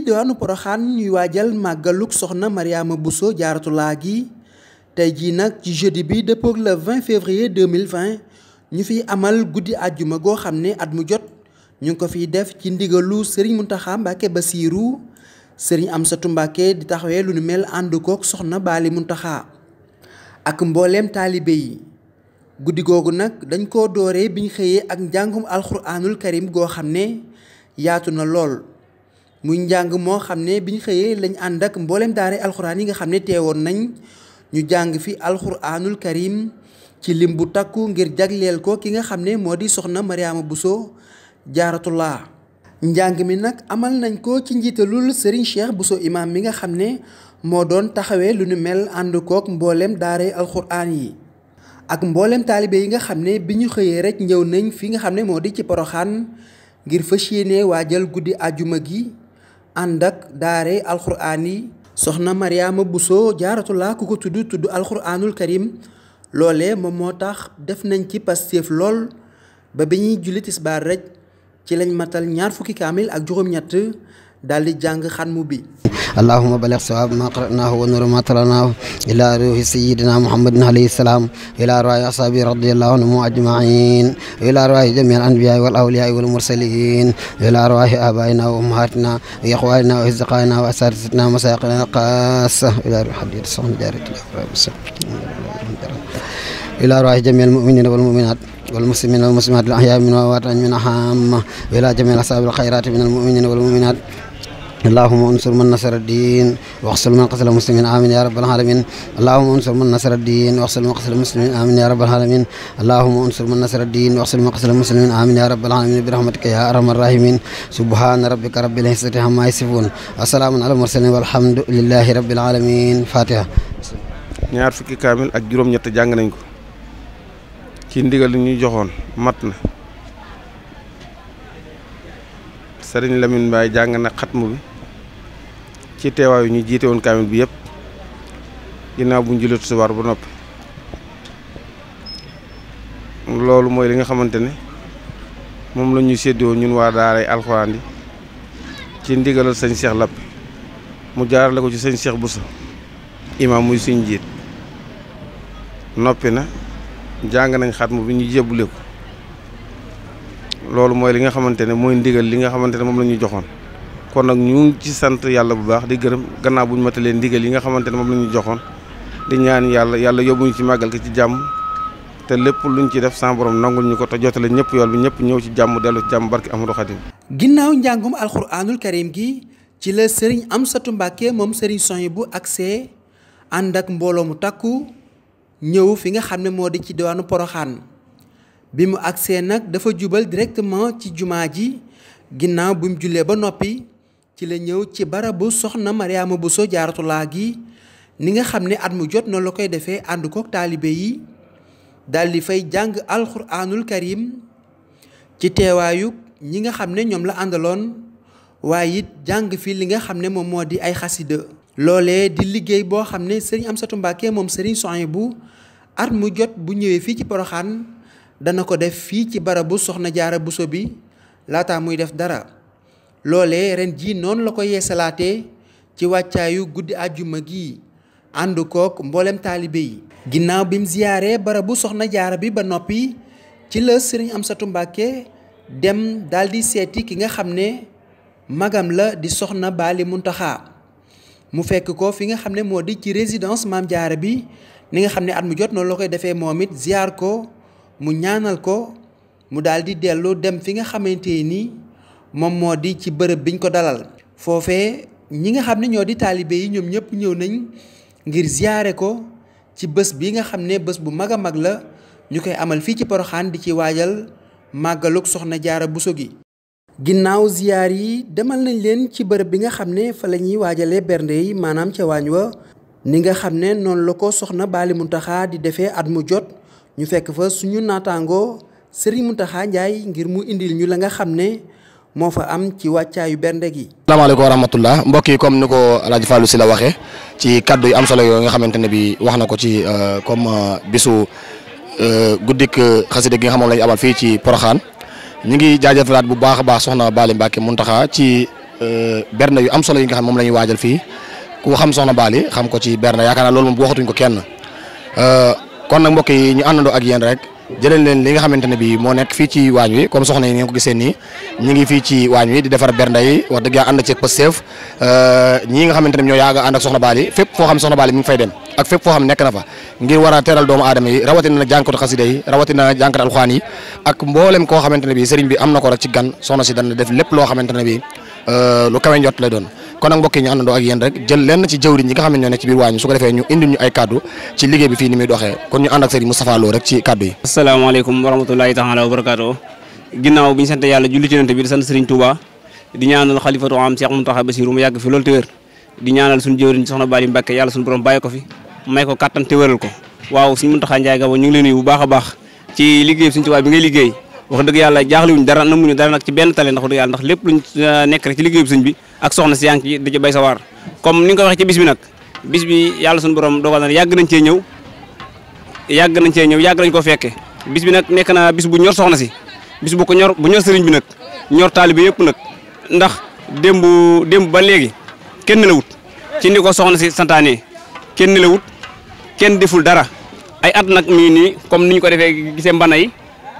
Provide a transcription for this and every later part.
ci diwaanu Poroxaan ñuy waajal màggaluk soxna Mariama jaaratu laa gi tey jii nag ci jeudi bi dëppook le 20 février 2020 ñu fiy amal guddi àjjuma goo xam ne at mu jot ñu ngi ko fiy def ci ndigalu Serigne Mountakha Mbacké Bassirou Serigne Amsatou Mbacké di taxawee lu nu mel ànd kook soxna Baali Mountakha ak mbooleem taalibe yi guddi googu nag dañ koo dooree biñ xëyee ak njàngum alxuraanul karim goo xam ne yaatu na lool muy njàng moo xam ne bi biñ xëyee lañ ànd ak mbooleem daare alxuraan yi nga xam ne teewoon nañ ñu jàng fi alxuraanul karim ci lim bu takku ngir jagleel ko ki nga xam ne moo di soxna Mariama Bousso Jaaratullah njàng mi nag amal nañ ko ci njiitalul Serigne Cheikh Bousso imam mi nga xam ne moo doon taxawee lu nu mel ànd kook mboolem daare alxuraan yi ak mbooleem taalibe yi nga xam ne bi ñu xëyee rek ñëw nañ fi nga xam ne moo di ci poroxaan ngir fas yéene waajal guddi ajuma gi ànd ak daare alxuraan yi soxna Mariama Bousso jaaratulaa ku ko tudd tudd alxuraanul karim loolee moom moo tax def nañ ci pastéef lool ba bi ñuy julli tisbaar rek ci lañ matal ñaar fukki kaamil ak juróom-ñett daal di jàng xatmu bi allahuma balig sawaab ma qaranaahu wa nuru ma talanaahu ila ruhi sayidina muhammadin alayhi salaam ila ruhi ashabi radiallahu anhum ajmain ila ruhi jami al anbiyai wal awliyai wal mursalin ila ruhi abaina wa ummahatina wa ixwanina wa asdiqaina wa asatizatina masaqina qasa ila ruhi hadid sahn jarit ila ruhi jami al muminina wal muminat والمسلمين والمسلمات الأحياء من وأموات من أحام وإلى جميع أصحاب الخيرات من المؤمنين والمؤمنات اللهم انصر من نصر الدين واغسل من قتل المسلمين امين يا رب العالمين اللهم انصر من نصر الدين واغسل من قتل المسلمين امين يا رب العالمين اللهم انصر من نصر الدين واغسل من قتل المسلمين امين يا رب العالمين برحمتك يا ارحم الراحمين سبحان ربك رب العزه عما يصفون السلام على المرسلين والحمد لله رب العالمين فاتحه ñaar fukki kaamil ak juróom ñett jàng nañ ko ci ndigal li ñu joxoon mat na sëriñ Lamine Mbaye jàng na xatmu bi ci teewaayu ñu jiite woon kaamil bi yëpp ginnaaw bu ñu jullit subaar bu noppi loolu mooy li nga xamante ne moom la ñu séddoo ñun waa daaray alxuraan yi ci ndigalal sëñ seex Lapp mu jaarale ko ci sëñ bu Boussa imaam muy suñ jiit noppi na jàng nañ xatmu bi ñu jébbule ko loolu mooy li nga xamante ne mooy ndigal li nga xamante ne moom la ñu joxoon kon nag ñu ci sant yàlla bu baax di gërëm gannaaw bu ñu matalee ndigal yi nga xamante ne moom la joxoon di ñaan yàlla yàlla yóbbuñu ci màggal ko ci jàmm te lépp luñ ci def sans borom nangul ñu ko te leen ñëpp yool bi ñëpp ñëw ci jàmm dellu ci jàmm barki Amadou Khadim ginnaaw njàngum alxuraanul karim gi ci la sëriñ Amsatu Mbàkke moom sëriñ Sohibou bu agsee ànd ak mbooloo mu takku ñëw fi nga xam ne moo di ci diwaanu Poroxaan bi mu agsee nag dafa jubal directement ci jumaa ji ginnaaw bi mu ba noppi ci la ñëw ci barabu soxna Mariama Bousso jaaratulaa gi ni nga xam ne at mu jot noonu la koy defee ànd kook taalibe yi dal di fay jàng alxuraanul karim ci teewaayu ñi nga xam ne ñoom la àndaloon waaye it jàng fii li nga xam ne moom moo di ay xasida loolee di liggéey boo xam ne sëriñ Amsatu Mbàkke moom sëriñ Souhaïbou bu at mu jot bu ñëwee fii ci Poroxaan dana ko def fii ci barabu soxna jaara Bousso bi laata muy def dara loole ren jii noonu la ko yeesalaatee ci wàccaayu guddi àjjuma gi ànd kook mboolem taalibe yi. ginnaaw bi mu ziyaaree barabu soxna jaara bi ba noppi ci la sëriñ Amsatu Mbàkke dem daldi seeti ki nga xam ne magam la di soxna Baali Muntaxa mu fekk ko fi nga xam ne moo di ci résidence maam jaara bi ni nga xam ne at mu jot noonu la koy defee moom it ziyaar ko mu ñaanal ko mu daldi dellu dem fi nga xamante nii moom moo di ci bërëb biñ ko dalal foofee ñi nga xam ne ñoo di taalibe yi ñoom ñëpp ñëw nañ ngir ziyaare ko ci bés bi nga xam ne bés bu mag a mag la ñu koy amal fii ci Poroxaan di ci waajal màggalug Soxna Jaara Buso gi ginnaaw ziyaar yi demal nañ leen ci bërëb bi nga xam ne fa la ñuy waajalee bernde yi maanaam ca waañ wa ni nga xam ne noonu la ko Soxna Baali Muntaxa di defee at mu jot ñu fekk fa suñu naataangoo Sëriñ Muntaxa Njaay ngir mu indil ñu la nga xam ne moo fa am ci wàccaayu bernde gi. salaamaaleykum wa rahmatullah mbokk yi comme ni ko El Hadj Fallou si la waxee ci kaddu yu am solo yooyu nga xamante ne bi wax na ko ci euh, comme euh, bisu euh, guddik xasida gi nga xamoon lañu abal fii ci Porokhane ñu ngi jaajëfalaat bu baax a baax soxna Baali Mbacke Muntaxa ci bernde yu am solo yi nga xam moom la ñuy waajal fii ku xam soxna Baali xam ko ci bernde yaakaar naa loolu moom waxatuñ ko kenn kon nag mbokk yi ñu àndandoo ak yéen rek. jëlal leen li nga xamante ne bii moo nekk fii ci waañ wi comme soxna yi ngeen ko gisee nii ñi ngi fii ci waañ wi di defar bernda yi wax dëgg yàlla ànd ci Pastef euh, ñii nga xamante ne ñoo yaaga ànd ak soxna Bally fépp foo xam soxna Bally mi ngi fay dem ak fépp foo xam nekk na fa ngir war a teral doomu aadama yi rawatina nag jànkatu xasida yi rawatina jànkatu alxuraan yi ak mboolem koo xamante ne bii sëriñ bi am na ko rek ci gan soxna si dana def lépp loo xamante ne bii euh, lu kawe njot lay doon kon nag mbokk yi ñu àndandoo ak yéen rek jël lenn ci jëwriñ yi nga xam ne ñoo ne ci biir waañu su ko defee ñu indi ñu ay kaddu ci liggéey bi fii ni muy doxee kon ñu ànd ak Serigne Moustapha Lo rek ci kaddu yi asalaamaaleykum wa rahmatulahi taala wa barakaatu ginnaaw bi ñu sant leen nuyu bu baax a baax ci liggéey bi Serigne Touba bi ngay liggéey wax dëgg yàlla jaaxlewuñ dara namuñu dara nag ci benn tale ndax wax dëgg yàlla ndax lépp luñ euh, nekk rek ci liggéeyu sëñ bi ak soxna si yaa ngi ci di bay sa waar comme ni nga ko waxee ci bis bi nag bis bi yàlla suñu borom dogal na yàgg nañ cee ñëw yàgg nañ cee ñëw yàgg nañ ko fekke bis bi nag nekk naa bis bu ñor soxna si bis bu ko ñor bu ñor sëriñ bi nag ñor taalibe yëpp nag ndax démb démb ba léegi kenn la wut ci ni ko soxna si santaane kenn la kenn deful dara ay at nag mi nii comme ni ñu ko defee gisee mbana yi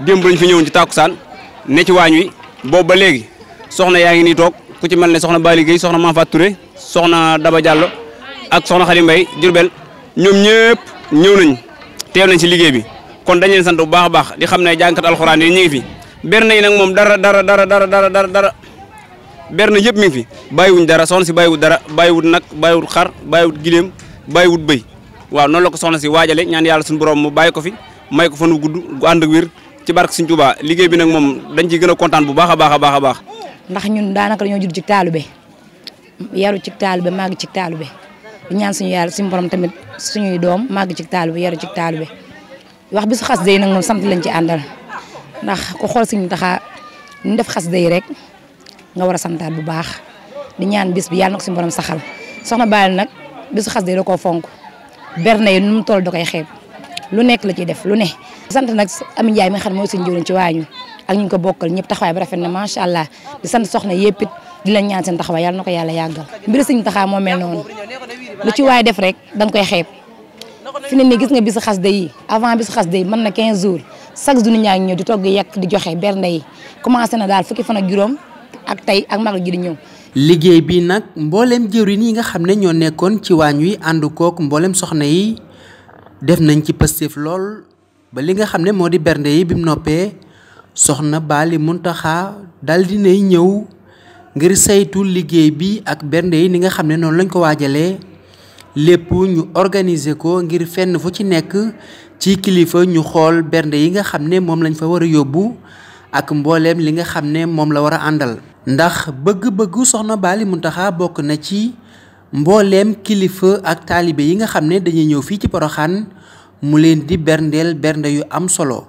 démb lañ fi ñëwoon ci tàkkusaan ne ci waañ wi boobu ba léegi soxna yaa ngi ni toog ku ci mel ne soxna baa liggéey soxna Manfa Touré soxna Daba Diallo ak soxna Xali Mbay Jurbel ñoom ñëpp ñëw nañ teew nañ ci liggéey bi kon dañ leen sant bu baax a baax di xam ne jàngkat alxuraan yi ñu ngi fi berne yi nag moom dara dara dara dara dara dara berne yëpp mi ngi fi bàyyiwuñ dara soxna si bàyyiwut dara bàyyiwut nag bàyyiwut xar bàyyiwut giléem bàyyiwut bëy waaw noonu la soxna si waajale ñaan yàlla suñu borom mu bàyyi ko fi may ko fan wu gudd gu ànd ak wér ci barke Sëriñ Tuubaa liggéey bi nag moom dañ ci gën a kontaan bu baax a baax a baax a baax ndax ñun daanaka dañoo jur ci taalube yaru ci taalube màgg ci taalube di ñaan suñu yàlla suñu borom tamit suñuy doom màgg ci taalube yaru ci taalube wax bi su xas day nag moom sant lañ ci àndal ndax ku xool Sëriñ Muntaxa ñu def xas day rek nga war a santaat bu baax di ñaan bis bi yàlla na ko suñu borom saxal soxna Baali nag bisu xas day da koo fonk berne yi nu mu toll da koy xeeb lu nekk la ciy def lu ne sant nag am Ndiaye mi nga xam ne mooy suñu jëwriñ ci waañu ak ñu ko bokkal ñëpp taxawaay bi rafet na macha allah di sant soxna yëpp it di leen ñaan seen taxawaay yàlla na ko yàlla yàggal mbiri Sëñ Taxaa moo mel noonu lu waay def rek da nga koy xeeb fi ne nii gis nga bisu xasida yi avant bisu xasida yi mën na 15 jours chaque jour ñaa ngi di togg yekk di joxe bernde commencé na daal fukki fan ak juróom ak tey ak magal gi di ñëw. liggéey bi nag mbooleem jëwriñ yi nga xam ne ñoo nekkoon ci waañ wi ànd kook mbooleem soxna yi def nañ ci pëstéef lool ba li nga xam ne moo di bernde yi bi mu noppee soxna Baali Muntaxa dal dinay ñëw ngir saytu liggéey bi ak bernde yi ni nga xam ne noonu lañ ko waajalee lépp ñu organiser ko ngir fenn fu ci nekk ci kilifa ñu xool bernde yi nga xam ne moom lañ fa war a yóbbu ak mbooleem li nga xam ne moom la war a àndal ndax bëgg-bëggu soxna Baali Muntaxa bokk na ci mbooleem kilifa ak taalibe yi nga xam ne dañuy ñëw fii ci Poroxaan mu leen di berndeel bernde yu am solo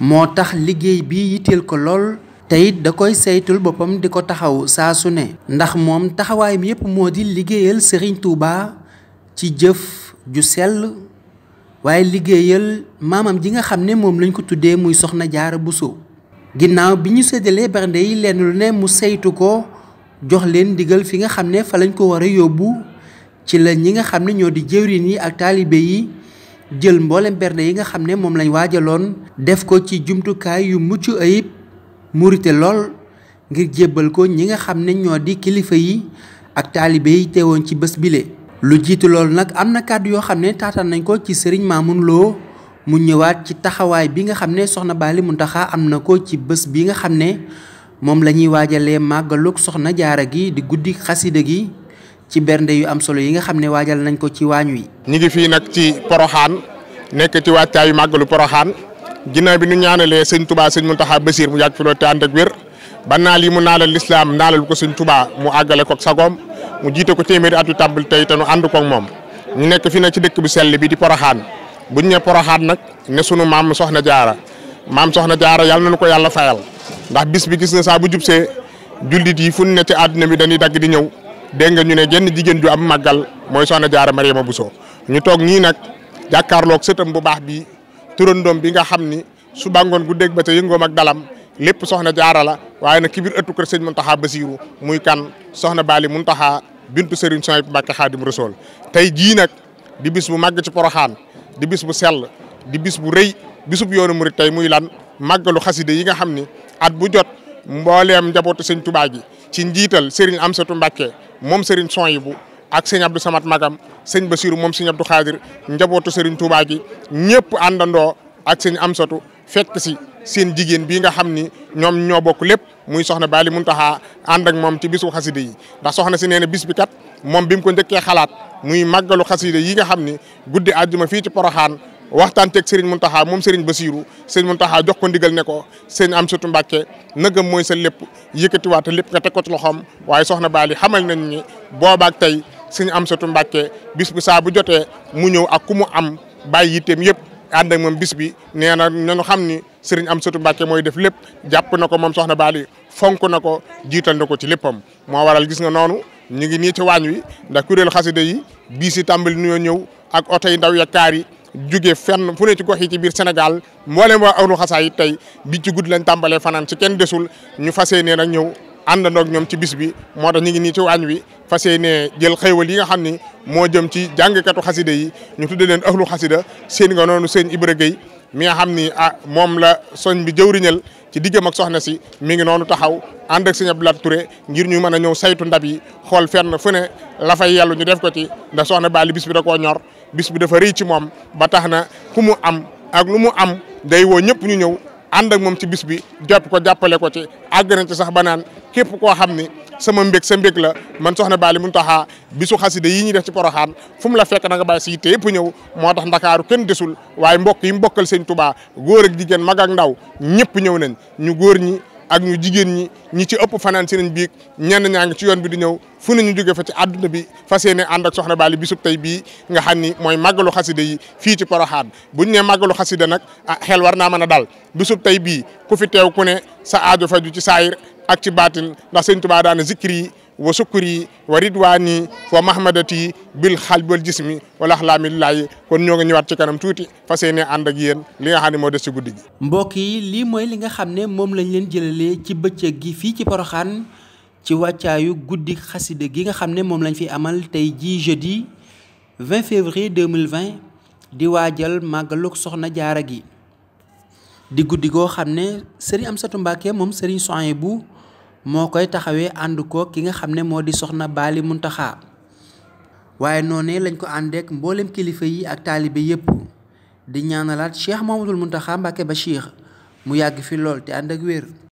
moo tax liggéey bi yiteel ko lool te it da koy saytul boppam di ko taxaw saa su ne ndax moom taxawaayam yépp moo di liggéeyal Serigne Touba ci jëf ju sell waaye liggéeyal maamam ji nga xam ne moom lañ ko tuddee muy Soxna Jaara Buso ginnaaw bi ñu seddalee bernde yi lenn ne mu saytu ko jox leen ndigal fi nga xam ne fa lañ ko war a yóbbu ci la ñi nga xam ne ñoo di jëwriñ yi ak taalibe yi jël mboolem bernde yi nga xam ne moom lañ waajaloon def ko ci jumtukaay yu mucc ayib murite lool ngir jébbal ko ñi nga xam ne ñoo di kilifa yi ak taalibe yi teewoon ci bés bile. lu jiitu loolu nag am na kàddu yoo xam ne taataan nañ ko ci sëriñ Mamoun mu ñëwaat ci taxawaay bi nga xam ne soxna Baali Muntaxa am na ko ci bés bi nga xam ne moom la ñuy waajalee màggalug soxna jaara gi di guddi xasida gi. ci bernde yu am solo yi nga xam ne waajal nañ ko ci waañ wi. ñu ngi fii nag ci poroxaan nekk ci wàccaayu màggalu poroxaan ginnaaw bi nu ñaanalee sëñ tubaa sëñ Muntaxa Basiir mu yàgg fi loolu te ànd ak wér ba naal yi mu naalal lislaam naalal ko sëñ mu àggale ko sagoom mu jiite ko téeméeri atu tàmbali tey te nu ànd koog moom nekk fi nag ci dëkk bu sell bi di poroxaan buñ ne poroxaan nag ne sunu maam soxna jaara maam soxna jaara yàlla nañu ko yàlla fayal ndax bis bi gis na saa bu jubsee jullit yi fu ne ci àdduna bi dañuy dagg di ñëw dégg nga ñu ne jenn jigéen ju am màggal mooy soxna jaara Mariama Bousso ñu toog nii nag jàkkaarloog sëtam bu baax bi turandoom bi nga xam ni su bàngoon gu dégg ba ca yëngoom ak dalam lépp soxna jaara la waaye nag ki biir ëttu kër sëñ Muntaxa Basiiru muy kan soxna Baali Muntaxa bintu Serigne Souhaïbou Mbacké Xaadim Rasuul tey jii nag di bu màgg ci Poroxaan bu sell di bis bu rëy bisub yoonu murit tey muy lan màggalu xaside yi nga xam ni at bu jot mbooleem njabootu sëñ Tuubaa gi ci njiital Serigne Amsatu Mbacké moom Serigne bu ak sëñ Abdou Samad Magam sëñ Basiru moom sëñ Abdou Khadir njabootu Serigne Touba gi ñëpp àndandoo ak sëñ Amsatu fekk si seen jigéen bii nga xam ni ñoom ñoo bokk lépp muy soxna Bali Muntaxa ànd ak moom ci bisu xaside yi ndax soxna si nee na bis bi kat moom bi mu ko njëkkee xalaat muy màggalu xaside yi nga xam ni guddi àjjuma fii ci Poroxaan waxtaan waxtaanteeg Serigne Mountakha moom Serigne Bassirou Serigne Mountakha jox ko ndigal ne ko Serigne Amsatou Mbacké nëgam mooy sa lépp yëkkatiwaate lépp nga teg ko ci loxoom waaye soxna Bally xamal nañ ni boobaak tey Serigne Amsatou Mbacké bis bu saa bu jotee mu ñëw ak ku mu am bàyyi yitteem yëpp ànd ak moom bis bi nee na nañu xam ni Serigne Amsatou Mbacké mooy def lépp jàpp na ko moom soxna Bally fonk na ko jiital na ko ci léppam moo waral gis nga noonu ñu ngi nii ci waañ wi ndax kuréel xasida yi bii si tàmbali nuyoo ñëw ak oto yi ndaw ya kaar yi jóge fenn fu ne ci gox ci biir Sénégal mboolem waa awlu xasaa it tey bi ci gudd lañ tàmbalee fanaan ci kenn desul ñu fas yéene na ñëw àndandoog ñoom ci bis bi moo tax ñu ngi nii ci waañ wi fas yéene jël xéewal yi nga xam ni moo jëm ci jàngkatu xasida yi ñu tudde leen ahlu xasida seen nga noonu seen Ibra Gueye mi nga xam ni ah moom la soñ bi jëwriñal ci diggam ak soxna si mi ngi noonu taxaw ànd ak sëñ Abdoulaye Touré ngir ñu mën a ñëw saytu ndab yi xool fenn fu ne la fay ñu def ko ci ndax soxna Bali bis bi da koo ñor bis bi dafa rëy moom ba tax na ku mu am ak lu am day woo ñëpp ñu ñëw ànd ak moom ci bis bi jàpp ko jàppale ko ci àgg nañ ci sax ba naan képp koo xam ni sama mbég sa mbég la man soxna Bally Mountakha bisu xasida yi ñuy def ci Porokhane fu mu la fekk na nga bàyyi si yitte yëpp ñëw moo tax ndakaaru kenn desul waaye mbokk yi mbokkal sëñ Touba góor ak jigéen mag ak ndaw ñëpp ñëw nañ ñu góor ñi ak ñu jigéen ñi ñi ci ëpp fanaan si nañ biig ñenn ñaa ngi ci yoon bi di ñëw fu ne ñu jóge fa ci àdduna bi fas yéene ànd ak soxna bi bisub tey bii nga xam ni mooy màggalu xasida yi fii ci Porokhane buñ ne màggalu xasida nag ah xel war naa mën a dal bisub tey bii ku fi teew ku ne sa aajo ju ci saayir ak ci baatin ndax sëñ Tuubaa daana zikri yi wa sukkuri wa ridwaani wa mahmadati bil xalbi wal mi wala axlaami lillaahi kon ñoo ngi ñëwaat ci kanam tuuti fas yéene ànd ak yéen li nga xam ne moo des ci guddi mbokk yi lii mooy li nga xam ne moom lañ leen jëlalee ci bëccëg gi fii ci Poroxaan ci wàccaayu guddi xasida gi nga xam ne moom lañ fi amal tey jii jeudi 20 février 2020 di waajal màggalug soxna jaara gi di guddi goo xam ne am Amsatu Mbàkke moom sëriñ Sohaybu bu. moo koy taxawee ànd ko ki nga xam ne moo di soxna Baali Muntaxa waaye noonee lañ ko àndeek mboolem kilifa yi ak taalibe yépp di ñaanalaat Cheikh Mouhamadoul Mountakha ba Bachir mu yàgg fi lool te ànd ak wér